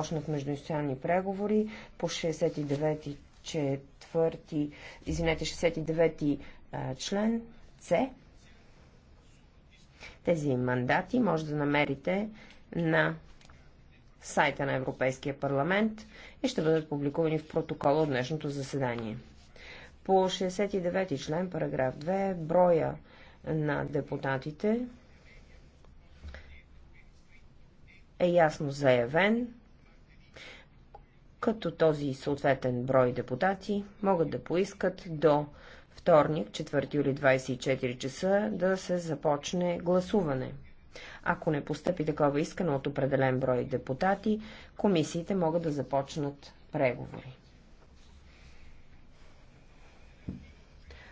почнат междуинституционални преговори по 69 четвърти, извинете, 69-ти член С. Тези мандати може да намерите на сайта на Европейския парламент и ще бъдат публикувани в протокола от днешното заседание. По 69-ти член, параграф 2, броя на депутатите е ясно заявен като този съответен брой депутати могат да поискат до вторник, 4 юли 24 часа, да се започне гласуване. Ако не постъпи такова искане от определен брой депутати, комисиите могат да започнат преговори.